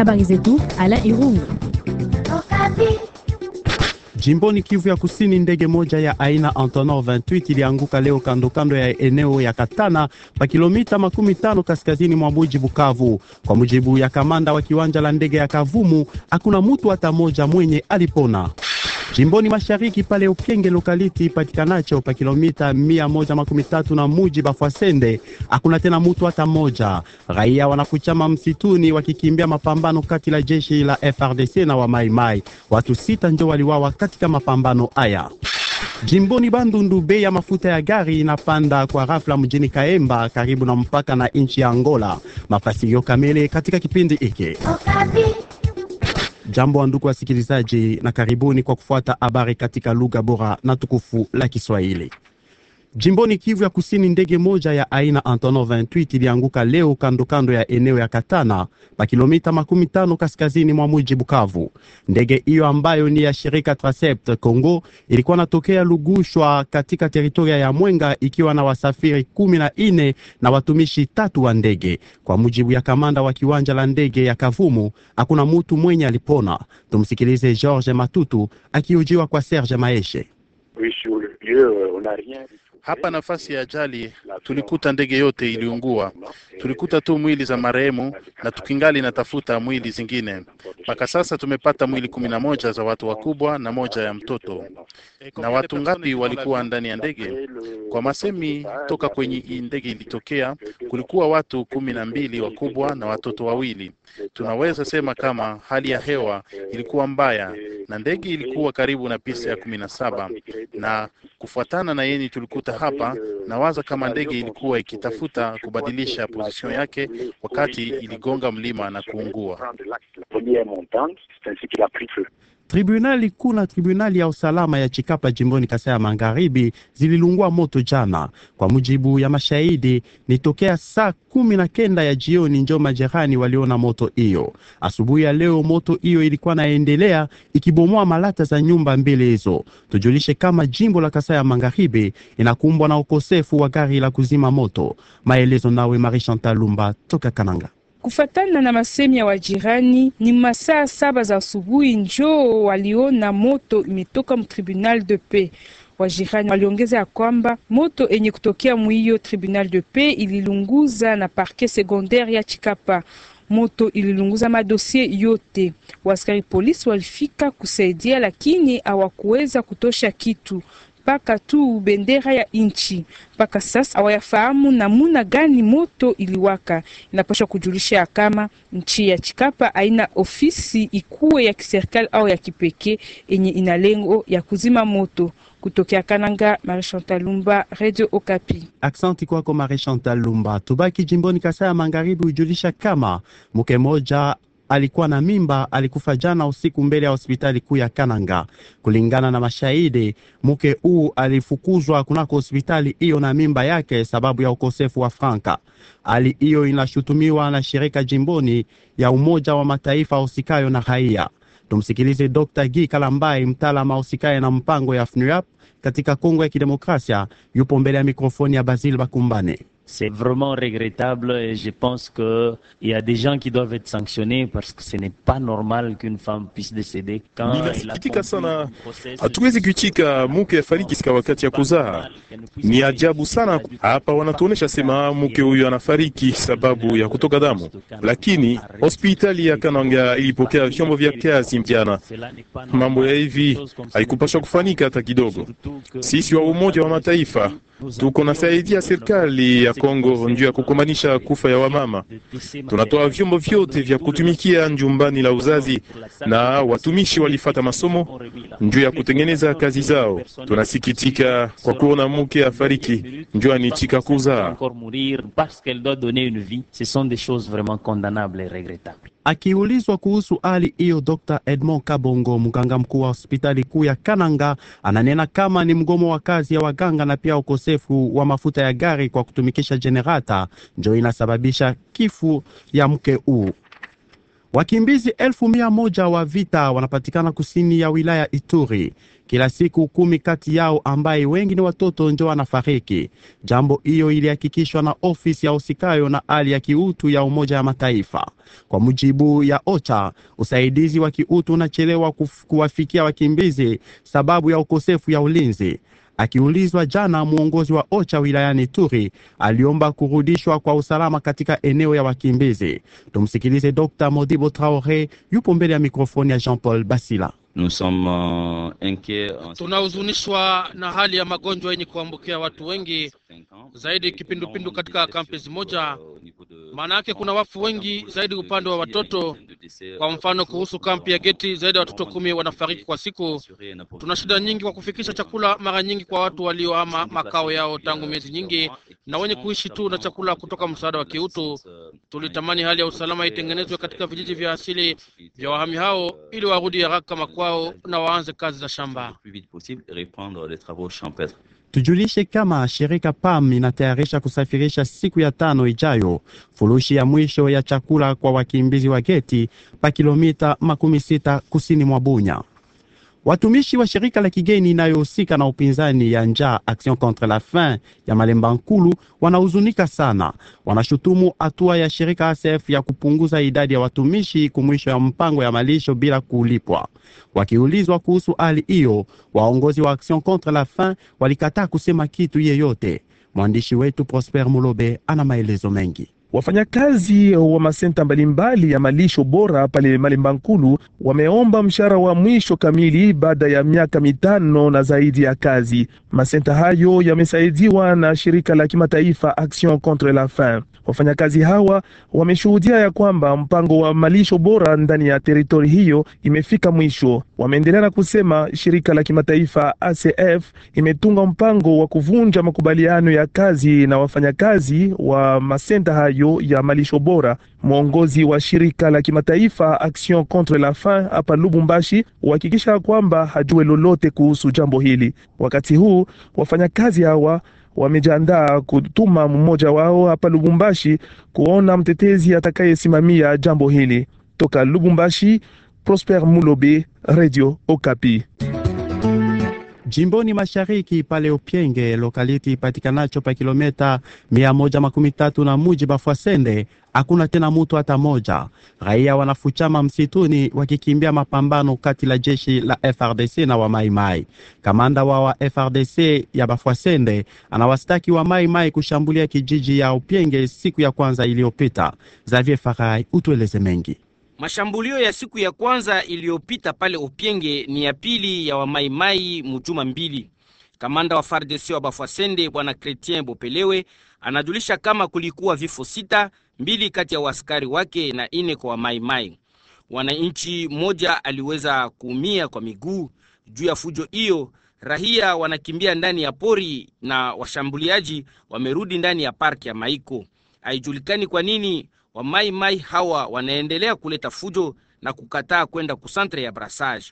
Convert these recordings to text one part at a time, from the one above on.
Habari zetu, Alain Irungu. Jimboni Kivu ya Kusini, ndege moja ya aina Antonov 28 ilianguka leo kando kando ya eneo ya Katana pa kilomita makumi tano kaskazini mwa mji Bukavu. Kwa mujibu ya kamanda wa kiwanja la ndege ya Kavumu, hakuna mtu hata moja mwenye alipona. Jimboni mashariki pale Upyenge lokaliti ipatikanacho pa kilomita mia moja makumi tatu na muji Bafwasende, hakuna tena mutu hata moja. Raia wanakuchama msituni wakikimbia mapambano kati la jeshi la FRDC na wa maimai Watu sita ndio waliwawa katika mapambano haya. Jimboni Bandundu, bei ya mafuta ya gari inapanda kwa ghafla mjini Kaemba, karibu na mpaka na nchi ya Angola. Mafasirio kamili katika kipindi hiki. Jambo wa ndugu wasikilizaji, na karibuni kwa kufuata habari katika lugha bora na tukufu la Kiswahili. Jimboni Kivu ya Kusini, ndege moja ya aina Antonov 28 ilianguka leo kando kando ya eneo ya Katana pa kilomita makumi tano kaskazini mwa mji Bukavu. Ndege hiyo ambayo ni ya shirika Transept Congo ilikuwa natokea Lugushwa katika teritoria ya Mwenga ikiwa na wasafiri kumi na ine na watumishi tatu wa ndege. Kwa mujibu ya kamanda wa kiwanja la ndege ya Kavumu, hakuna mutu mwenye alipona. Tumsikilize George Matutu akiujiwa kwa Serge Maeshe. Hapa nafasi ya ajali tulikuta ndege yote iliungua, tulikuta tu mwili za marehemu na tukingali natafuta mwili zingine. Mpaka sasa tumepata mwili kumi na moja za watu wakubwa na moja ya mtoto. Na watu ngapi walikuwa ndani ya ndege? Kwa masemi toka kwenye hii ndege ilitokea, kulikuwa watu kumi na mbili wakubwa na watoto wawili. Tunaweza sema kama hali ya hewa ilikuwa mbaya na ndege ilikuwa karibu na pista ya kumi na saba na kufuatana na yeni tulikuta hapa, nawaza kama ndege ilikuwa ikitafuta kubadilisha pozision yake wakati iligonga mlima na kuungua. Tribunali kuu na tribunali ya usalama ya Chikapa jimboni Kasai ya Magharibi zililungua moto jana. Kwa mujibu ya mashahidi, ni tokea saa kumi na kenda ya jioni njo majerani waliona moto hiyo. Asubuhi ya leo moto hiyo ilikuwa naendelea ikibomoa malata za nyumba mbili hizo. Tujulishe kama jimbo la Kasai ya Magharibi inakumbwa na ukosefu wa gari la kuzima moto. Maelezo nawe Marie Chantal Lumba toka Kananga. Kufatana na masemi ya wajirani, ni masaa saba za asubuhi njoo waliona moto imetoka mtribunal de paix. Wajirani waliongeza ya kwamba moto enye kutokea mwiyo tribunal de paix ililunguza na parke secondaire ya Chikapa. Moto ililunguza madosie yote. Waskari polisi walifika kusaidia, lakini hawakuweza kutosha kitu mpaka tu bendera ya nchi. Mpaka sasa hawayafahamu namuna gani moto iliwaka. Inapaswa kujulisha kama nchi ya Chikapa haina ofisi ikuwe ya kiserikali au ya kipekee yenye ina lengo ya kuzima moto. Kutokea Kananga, Marie Chantal Lumba, Radio Okapi. Aksanti kwako Marie Chantal Lumba. Tubaki jimboni Kasai ya Magharibi, hujulisha kama mke moja alikuwa na mimba alikufa jana usiku mbele ya hospitali kuu ya Kananga. Kulingana na mashahidi, mke huu alifukuzwa kunako hospitali hiyo na mimba yake sababu ya ukosefu wa franka. Hali hiyo inashutumiwa na shirika jimboni ya Umoja wa Mataifa usikayo na raia. Tumsikilize Dr. Guy Kalambai, mtaalamu usikaye na mpango ya FNUAP katika Kongo ya Kidemokrasia, yupo mbele ya mikrofoni ya Basil Bakumbane. C'est vraiment regrettable et je pense qu'il y a des gens qui doivent être sanctionnés parce que ce n'est pas normal qu'une femme puisse décéder quand Ninafikitika sana hatuwezi kuichika Ni ajabu sana hapa, wanatuonesha sema mke huyu anafariki sababu ya kutoka damu, lakini hospitali ya Kananga ilipokea vyombo vya kazi mjana. Mambo ya hivi haikupasha kufanyika hata kidogo. Sisi wa Umoja wa Mataifa tuko nasaidia serikali ya Kongo njuu ya kukumanisha kufa ya wamama. Tunatoa vyombo vyote vya kutumikia njumbani la uzazi, na watumishi walifata masomo njuu ya kutengeneza kazi zao. Tunasikitika kwa kuona mke afariki ndio anichika kuzaa. Akiulizwa kuhusu hali hiyo, Dr Edmond Kabongo, mganga mkuu wa hospitali kuu ya Kananga, ananena kama ni mgomo wa kazi ya waganga na pia ukosefu wa mafuta ya gari kwa kutumikisha jenerata ndio inasababisha kifu ya mke huu. Wakimbizi elfu mia moja wa vita wanapatikana kusini ya wilaya Ituri kila siku kumi kati yao, ambaye wengi ni watoto, ndio wanafariki. Jambo hiyo ilihakikishwa na ofisi ya usikayo na hali ya kiutu ya Umoja ya Mataifa. Kwa mujibu ya OCHA, usaidizi wa kiutu unachelewa kuwafikia wakimbizi sababu ya ukosefu ya ulinzi. Akiulizwa jana, mwongozi wa OCHA wilayani Turi aliomba kurudishwa kwa usalama katika eneo ya wakimbizi. Tumsikilize Dr. Modibo Traore, yupo mbele ya mikrofoni ya Jean Paul Basila. Euh, Tunahuzunishwa na hali ya magonjwa yenye kuambukia watu wengi zaidi kipindupindu katika kampi zimoja. Maana yake kuna wafu wengi zaidi upande wa watoto. Kwa mfano, kuhusu kampi ya Geti, zaidi ya watoto kumi wanafariki kwa siku. Tuna shida nyingi kwa kufikisha chakula mara nyingi kwa watu waliohama makao yao tangu miezi nyingi na wenye kuishi tu na chakula kutoka msaada wa kiutu. Tulitamani hali ya usalama itengenezwe katika vijiji vya asili vya wahami hao, ili warudi haraka makwao na waanze kazi za shamba. Tujulishe kama shirika PAM inatayarisha kusafirisha siku ya tano ijayo furushi ya mwisho ya chakula kwa wakimbizi wa geti pa kilomita makumi sita kusini mwa Bunya. Watumishi wa shirika la kigeni inayohusika na upinzani ya njaa Action contre la faim ya Malemba Nkulu wanahuzunika sana. Wanashutumu hatua ya shirika ASF ya kupunguza idadi ya watumishi kumwisho ya mpango ya malisho bila kulipwa. Wakiulizwa kuhusu hali hiyo, waongozi wa Action contre la faim walikataa kusema kitu yeyote. Mwandishi wetu Prosper Mulobe ana maelezo mengi. Wafanyakazi wa masenta mbalimbali ya malisho bora pale Malemba Nkulu wameomba mshahara wa mwisho kamili baada ya miaka mitano na zaidi ya kazi. Masenta hayo yamesaidiwa na shirika la kimataifa Action contre la faim. Wafanyakazi hawa wameshuhudia ya kwamba mpango wa malisho bora ndani ya teritori hiyo imefika mwisho. Wameendelea na kusema shirika la kimataifa ACF imetunga mpango wa kuvunja makubaliano ya kazi na wafanyakazi wa masenta hayo ya malisho bora. Mwongozi wa shirika la kimataifa Action Contre la Faim hapa Lubumbashi uhakikisha kwamba hajue lolote kuhusu jambo hili. Wakati huu wafanyakazi hawa wamejiandaa kutuma mmoja wao hapa Lubumbashi kuona mtetezi atakayesimamia jambo hili. Toka Lubumbashi, Prosper Mulobe, Radio Okapi. Jimboni mashariki pale Upyenge, lokaliti ipatikanacho pa kilometa mia moja makumi tatu na muji Bafwasende, hakuna tena mutu hata moja. Raia wanafuchama msituni wakikimbia mapambano kati la jeshi la FRDC na wamaimai. Kamanda wa wa FRDC ya Bafwasende anawastaki wamaimai kushambulia kijiji ya Upyenge siku ya kwanza iliyopita. Xavier Farai utueleze mengi Mashambulio ya siku ya kwanza iliyopita pale Opienge ni ya pili ya wamaimai mujuma mbili. Kamanda wa FARDC wa Bafwasende bwana cretien Bopelewe anajulisha kama kulikuwa vifo sita, mbili kati ya waskari wake na ine kwa wamaimai. Wananchi mmoja aliweza kuumia kwa miguu. Juu ya fujo hiyo, rahia wanakimbia ndani ya pori na washambuliaji wamerudi ndani ya parki ya Maiko. Haijulikani kwa nini wa Mai Mai hawa wanaendelea kuleta fujo na kukataa kwenda kusantre ya brasage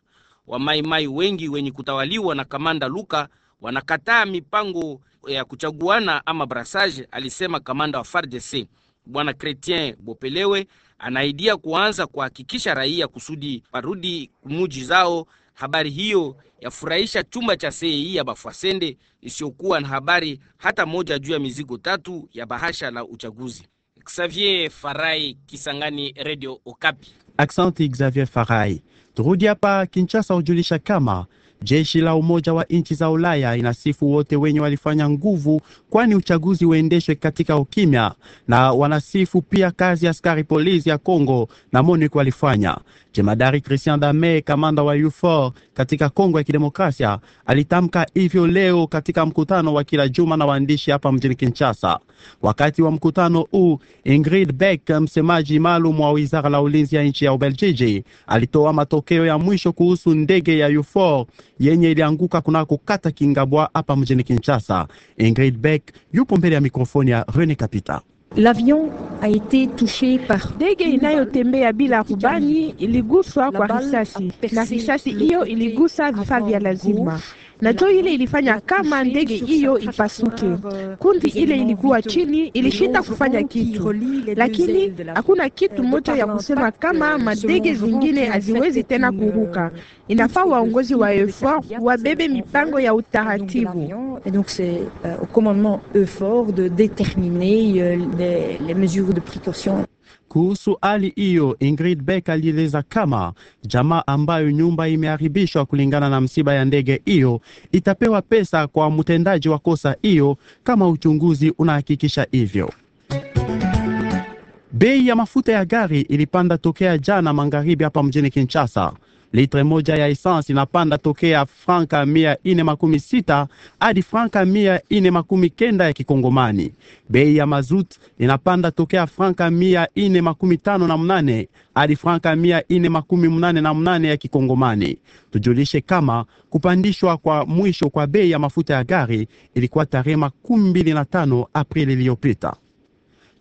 Wa Mai Mai wengi wenye kutawaliwa na kamanda Luka wanakataa mipango ya kuchaguana ama brasage alisema kamanda wa FARDC bwana cretien Bopelewe anaidia kuanza kuhakikisha raia kusudi parudi kumuji zao. Habari hiyo yafurahisha chumba cha sei ya Bafwasende isiyokuwa na habari hata moja juu ya mizigo tatu ya bahasha la uchaguzi. Xavier Farai, Kisangani, Radio Okapi. Aksanti Xavier Farai. Turudi hapa Kinshasa hujulisha kama Jeshi la Umoja wa Nchi za Ulaya inasifu wote wenye walifanya nguvu, kwani uchaguzi uendeshwe katika ukimya, na wanasifu pia kazi ya askari polisi ya Kongo na MONUC walifanya. Jemadari Christian Dame, kamanda wa UFOR katika Kongo ya Kidemokrasia, alitamka hivyo leo katika mkutano wa kila juma na waandishi hapa mjini Kinshasa. Wakati wa mkutano huu, Ingrid Beck, msemaji maalum wa wizara la ulinzi ya nchi ya Ubeljiji, alitoa matokeo ya mwisho kuhusu ndege ya UFOR yenye ilianguka kunako kata Kingabwa hapa mjini Kinshasa. Ingrid Beck yupo mbele ya mikrofoni ya Rene Kapita. L'avion a été touché par ndege inayotembea bila rubani iliguswa kwa risasi, na risasi hiyo iligusa vifaa vya lazima na jo ile ilifanya kama ndege hiyo ipasuke. Kundi ile ilikuwa chini, ilishinda kufanya kitu, lakini hakuna kitu eh, moja ya kusema kama eh, madege zingine haziwezi tena uh, kuruka. Inafaa waongozi wa EUFOR wabebe mipango ya utaratibu. Et donc c'est euh, au commandement EUFOR de déterminer euh, les mesures de précaution. Kuhusu hali hiyo, Ingrid Beck alieleza kama jamaa ambayo nyumba imeharibishwa kulingana na msiba ya ndege hiyo itapewa pesa kwa mtendaji wa kosa hiyo kama uchunguzi unahakikisha hivyo. Bei ya mafuta ya gari ilipanda tokea jana magharibi hapa mjini Kinshasa. Litre moja ya essence inapanda tokea franka mia ine makumi sita hadi franka mia ine makumi kenda ya kikongomani. Bei ya mazut inapanda tokea franka mia ine makumi tano na mnane hadi franka mia ine makumi mnane na mnane ya kikongomani. Tujulishe kama kupandishwa kwa mwisho kwa bei ya mafuta ya gari ilikuwa tarehe makumi mbili na tano Aprili iliyopita.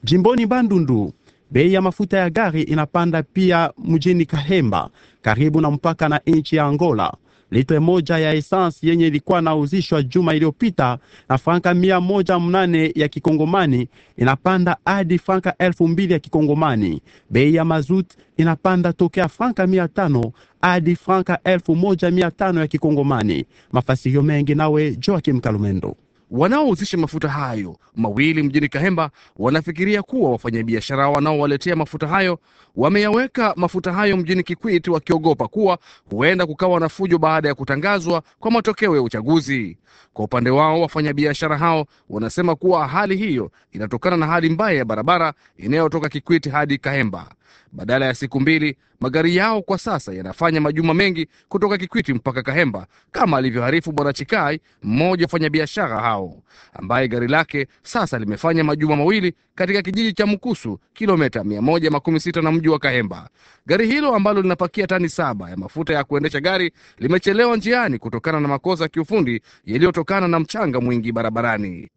Jimboni Bandundu Bei ya mafuta ya gari inapanda pia mjini Kahemba karibu na mpaka na nchi ya Angola. Litre moja ya esansi yenye ilikuwa nauzishwa juma iliyopita na franka mia moja mnane ya kikongomani inapanda hadi franka elfu mbili ya kikongomani. Bei ya mazut inapanda tokea franka mia tano hadi franka elfu moja mia tano ya kikongomani. Mafasirio mengi nawe Joakim Kalumendo. Wanaohusisha mafuta hayo mawili mjini Kahemba wanafikiria kuwa wafanyabiashara wanaowaletea mafuta hayo wameyaweka mafuta hayo mjini Kikwit wakiogopa kuwa huenda kukawa na fujo baada ya kutangazwa kwa matokeo ya uchaguzi. Kwa upande wao, wafanyabiashara hao wanasema kuwa hali hiyo inatokana na hali mbaya ya barabara inayotoka Kikwit hadi Kahemba. Badala ya siku mbili, magari yao kwa sasa yanafanya majuma mengi kutoka Kikwiti mpaka Kahemba, kama alivyoharifu Bwana Chikai, mmoja fanyabiashara hao ambaye gari lake sasa limefanya majuma mawili katika kijiji cha Mkusu, kilomita 116 na mji wa Kahemba. Gari hilo ambalo linapakia tani saba ya mafuta ya kuendesha gari limechelewa njiani kutokana na makosa ya kiufundi yaliyotokana na mchanga mwingi barabarani.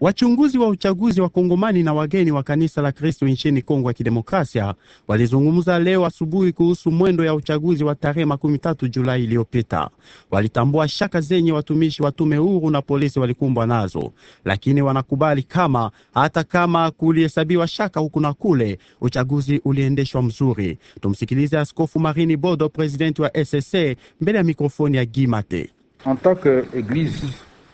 Wachunguzi wa uchaguzi wa Kongomani na wageni wa kanisa la Kristo nchini Kongo ya Kidemokrasia walizungumza leo asubuhi kuhusu mwendo ya uchaguzi wa tarehe makumi tatu Julai iliyopita. Walitambua shaka zenye watumishi wa tume huru na polisi walikumbwa nazo, lakini wanakubali kama hata kama kulihesabiwa shaka huku na kule, uchaguzi uliendeshwa mzuri. Tumsikilize Askofu Marini Bodo, presidenti wa SSC, mbele ya mikrofoni ya Gimate. En tant que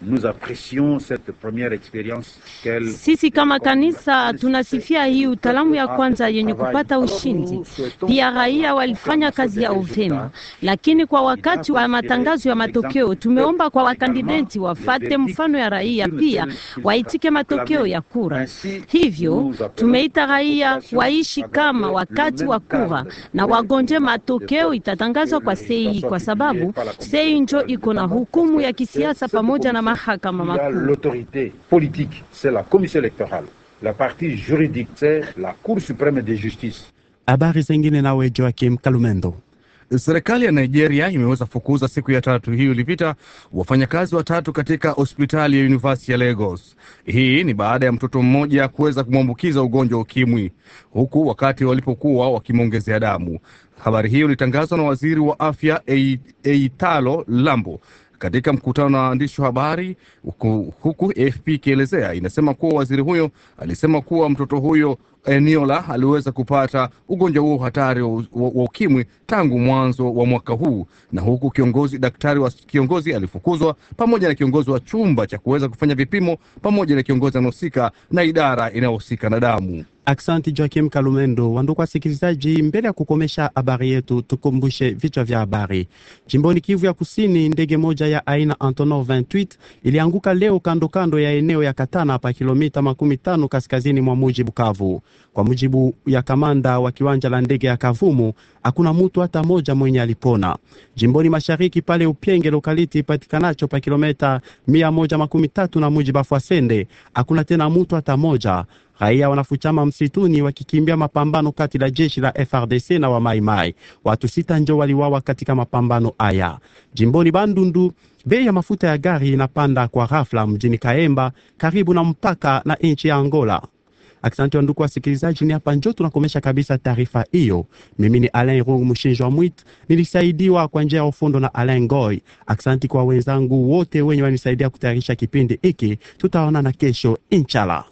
Nous apprécions cette première expérience qu'elle. Sisi kama kanisa tunasifia hii utaalamu ya kwanza yenye kupata ushindi. Pia raia walifanya kazi yao vyema, lakini kwa wakati wa matangazo ya matokeo tumeomba kwa wakandideti wafate mfano ya raia, pia waitike matokeo ya kura. Hivyo tumeita raia waishi kama wakati wa kura na wagonje matokeo itatangazwa kwa sei, kwa sababu sei njo iko na hukumu ya kisiasa pamoja na mahakama makuu. L'autorité politique c'est la commission électorale. la partie juridique c'est la cour supreme de justice. Habari zingine nawe Joakim Kalumendo. Serikali ya Nigeria imeweza fukuza siku ya tatu hii ilipita wafanyakazi watatu katika hospitali ya University ya Lagos. Hii ni baada ya mtoto mmoja kuweza kumwambukiza ugonjwa wa ukimwi, huku wakati walipokuwa wakimwongezea damu. Habari hiyo ilitangazwa na waziri wa afya Eitalo Lambo katika mkutano na waandishi wa habari huku, huku AFP ikielezea inasema kuwa waziri huyo alisema kuwa mtoto huyo eneo la aliweza kupata ugonjwa huo hatari wa, ukimwi tangu mwanzo wa mwaka huu, na huku kiongozi daktari wa kiongozi alifukuzwa pamoja na kiongozi wa chumba cha kuweza kufanya vipimo pamoja na kiongozi anahusika na idara inayohusika na damu. Aksanti Joakim Kalumendo. Wandugu wasikilizaji, mbele ya kukomesha habari yetu, tukumbushe vichwa vya habari. Jimboni Kivu ya Kusini, ndege moja ya aina Antonov 28 ilianguka leo kando kando ya eneo ya Katana pa kilomita makumi tano kaskazini mwa muji Bukavu. Kwa mujibu ya kamanda wa kiwanja la ndege ya Kavumu, hakuna mtu hata moja mwenye alipona. Jimboni mashariki pale Upyenge lokaliti patikanacho pa kilomita mia moja makumi tatu na muji Bafwasende, hakuna tena mtu hata moja. Raia wanafuchama msituni wakikimbia mapambano kati la jeshi la FRDC na wa Maimai. Watu sita njo waliwawa katika mapambano haya. Jimboni Bandundu, bei ya mafuta ya gari inapanda kwa ghafla mjini Kaemba karibu na mpaka na nchi ya Angola. Asante ndugu wasikilizaji, ni hapa njo tunakomesha kabisa taarifa hiyo. Mimi ni Alain Rungu Mshinjwa Mwit, nilisaidiwa kwa njia ya ufundo na Alain Goy. Asante kwa wenzangu wote wenye wanisaidia kutayarisha kipindi hiki. Tutaonana kesho inshallah.